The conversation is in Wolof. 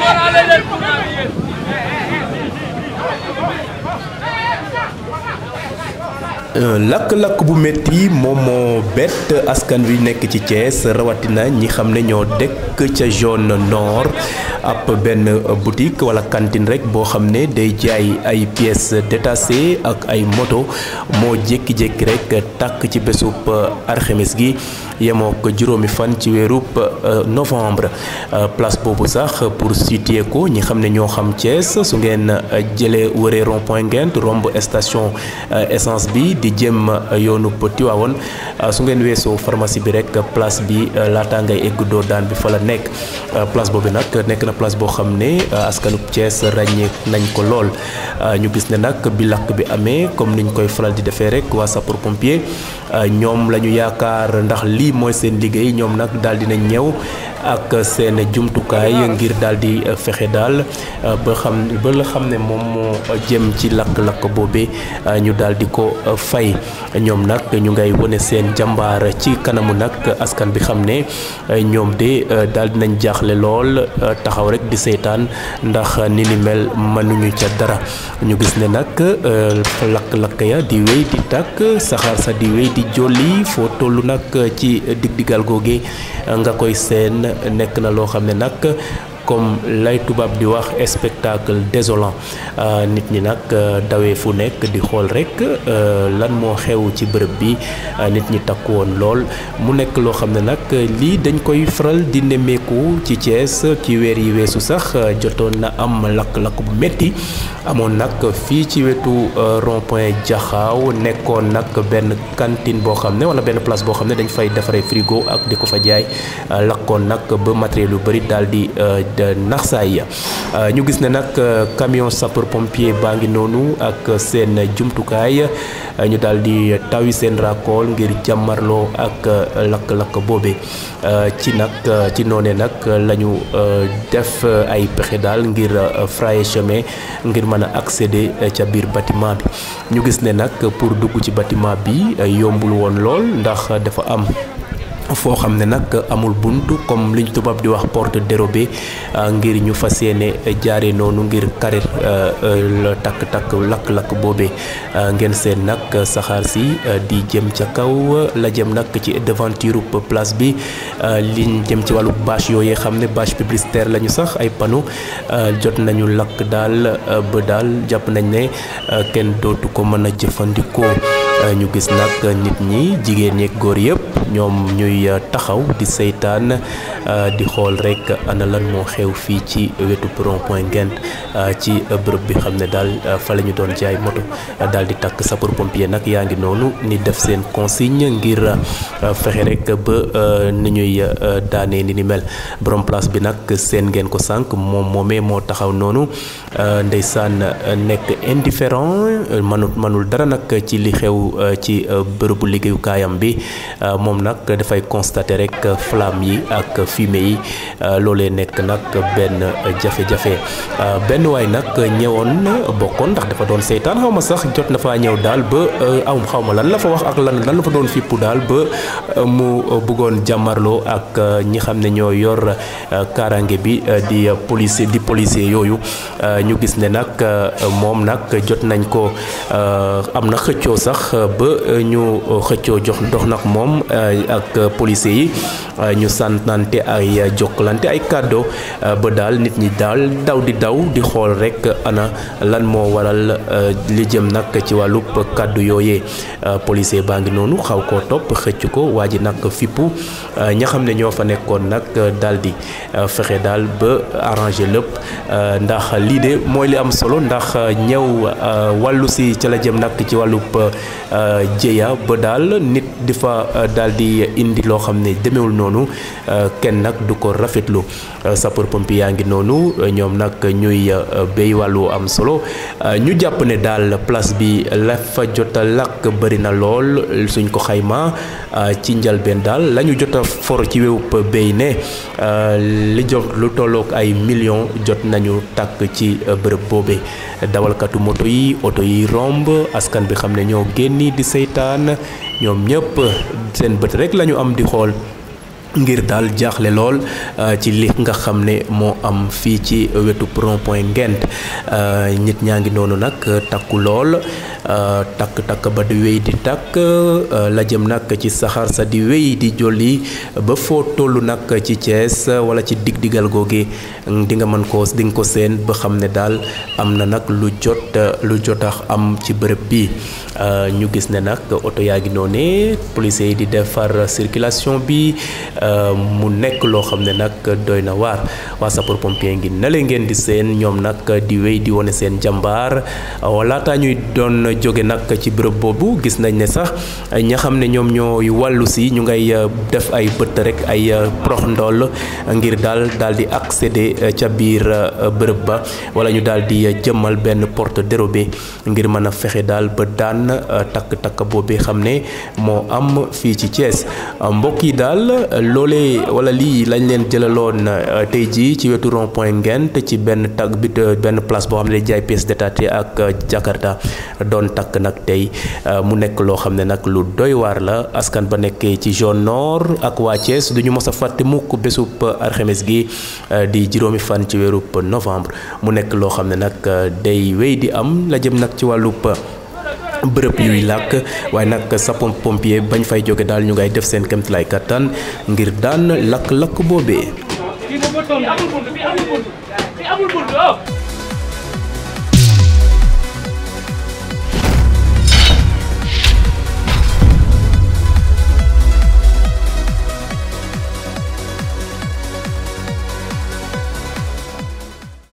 Morales del lak euh, lakk bu metti momo askan wi nek ci Thiès rawatina ñi nord ap ben boutique wala cantine rek bo day jaay pièces détachées ak ay moto mo jek rek ci euh, euh, novembre place pour pour ko ñi ño xam Thiès su station essence bi. di jëm euh, yoonu Tiwaawoon euh, su ngeen weesoo pharmacie bi rek place bi euh, laata ngay egg doo daan bi fa la nekk place boobu nag nekk na place boo xam ne askanub Thiès ràññee nañ ko lool ñu gis ne nag bi lakk bi amee comme niñ koy faral di defee rek waa sapeur pompier ñoom la ñu yaakaar ndax lii mooy seen liggéey ñoom nag daal nañ ñëw ak seen jumtukaay ngir dal di eh, fexe daal eh, ba xam ba la xam ne moom moo jëm ci lakk-lakk boobee eh, ñu daal di ko fay ñoom nag ñu ngay wone seen jàmbaar ci kanamu nag askan bi xam ne ñoom de dal dinañ jaaxle lool taxaw rek di seytaan ndax ni ni mel mënuñu ca dara ñu gis ne nag lakk-lakk ya di wéy di tàkk saxaar sa di wéy di jolli foo toll nag ci dig digal googee nga koy seen nekk na loo xam ne comme lay tubaab di wax spectacle désolant euh, nit ñi nag euh, dawee fu nekk di xool rek euh, lan moo xew ci bërëb bi nit ñi takku woon lool mu nekk loo xam ne nag lii dañ koy faral di nemmeeku ci Thiès ci weer yi weesu sax jotoon na am lakk-lakk bu metti amoon nag fii ci wetu rond-point Jaxaaw nekkoon nag benn cantine boo xam ne wala benn place boo xam ne dañ fay defaree frigo ak di ko fa jaay lakkoon nag ba matériel yu bëri daal di Uh, Nak ñu uh, gis ne nag camion sapeur pompier bangi nonu noonu uh, ak sen jumtukaay ñu daal di tawi sen raakool ngir jàmmarloo ak lakk-lakk boobe ci nag ci noone nag lañu def ay pexe daal ngir frayer chemin ngir mën a accéder ca biir bâtiment bi ñu gis ne nag pour dugg ci bâtiment bi yombul ndax dafa am foo xam ne nag amul bunt comme liñ tubaab di wax porte dérobée euh, ngir ñu fa yéene jaare noonu ngir kare euh, euh, takk-takk lakk-lakk boobee ngeen seen nag saxaar si di jëm ca kaw la jëm nag ci devanture place bi liñ jëm ci wàllu bâche yooyee xam ne bâche publicitaire lañu sax ay panneau jot nañu lakk daal ba daal jàpp nañ ne kenn dootu ko mën a jëfandikoo Eh, ñu gis nag nit ñi jigéen ñeeg góor yëpp ñoom ñuy eh, taxaw di seytaan eh, di xool rek ana lan mo xew fi ci wetu rond point gent ci bërëb bi xam dal fa la doon jaay moto dal di tak sapeur pompier yang yaa nonu ni def sen consigne ngir fexe rek ba ni ñuy daanee ni ni mel borom place bi nag seen ngeen ko sànq moom moomee moo taxaw noonu ndeysaan nek indifférent manul manul dara nag ci li xew Euh, ci euh, bërëbu liggéeyukaayam bi euh, moom nag dafay constater rek flamme yi ak fume yi loolee nekk nag benn jafe-jafe benn waay nag ñëwoon bokkoon ndax dafa doon seytaan xaw ma sax jot na faa ñëw daal ba am xawma lan la fa wax ak lan lan la fa doon fippu daal ba mu bëggoon jàmmarloo ak ñi xam ne ñoo yor kaaraange bi di police di policier yooyu ñu gis ne nag moom nag jot nañ ko am na xëccoo sax ba euh, ñu euh, xëccoo jox dox nag moom euh, ak policiers yi ñu santante ay jokkalante ay kàddoo ba daal nit ñi daal daw di daw di xool rek ana lan moo waral li jëm nag ci wàllub kàddu yooye policier baa ngi noonu xaw koo topp xëcc ko waa ji nag fippu ña xam ne ñoo fa nekkoon nag daal di fexe daal ba arranger lépp ndax lii de mooy li am solo ndax ñëw wàllu si ca la jëm nag ci wàllub Euh, jéya ba daal nit di fa euh, daal di indi loo xam ne demeewul noonu euh, kenn nag du ko rafetlu sapeur pompier yaa ngi noonu ñoom nag ñuy béy wàllu am solo ñu jàpp ne daal place bi la fa jot a lakk na lool suñ ko xayma ci njalbeen daal lañu ñu jot a ci wéwup béy ne li jot lu tollook ay millions jot nañu tàkk ci bërëb boobe dawalkatu moto yi oto yi romb askan bi xam ne ñoo génn nii di seytaan ñoom ñëpp seen bët rek lañu am di xool ngir daal jaaxle lool euh, ci li nga xam ne moo am fii ci wetu rond-point nit euh, ñaa ngi noonu nag euh, takku lool takk-takk euh, ba di wéy di takk euh, la jëm nag ci saxaar sa di wéy di jolli ba foo tollu nag ci Thiès wala ci digg digal googe mm, di nga mën ko di ko seen ba xam ne daal am na nag lu jot lu jotax am ci bërëb bi euh, ñu gis ne nag oto yaa ngi noonee policiers yi di defar circulation bi mu nekk loo xam ne nag doy na waar waa pour pompier ngi nale ngeen di seen ñoom nag di wéy di wone seen jàmbaar walaata ñuy doon a jóge nag ci bërëb boobu gis nañ ne sax ña xam ne ñoom ñooy wàllu si ñu ngay euh, def ay bëtt rek ay euh, prox ndool ngir daal daal di accéder euh, ca biir bërëb ba wala ñu daal di jëmmal benn porte dérobée ngir mën a fexe daal ba daan tak takk boobee xam ne am fi ci Thiès mbokk yi daal loolee wala lii lañ leen jëlaloon tey ji ci wetu rond point ngent ci benn tag bit ben place boo xam ne jaay pièce d'état ak Jakarta doon takk nag tey mu nekk loo xam ne nag lu doy waar la askan ba nekk ci zone nord ak waa duñu du a fàtte mukk bésup alxames gi di juróomi fan ci weerub novembre mu nekk loo xam ne nag day wéy di am la jëm nag ci wàllub bërëb yuy làkk waaye nag sapon pompier bañ fay jóge daal ñu ngay def seen kéemtalaay kattan ngir daan lakk-lakk boobee.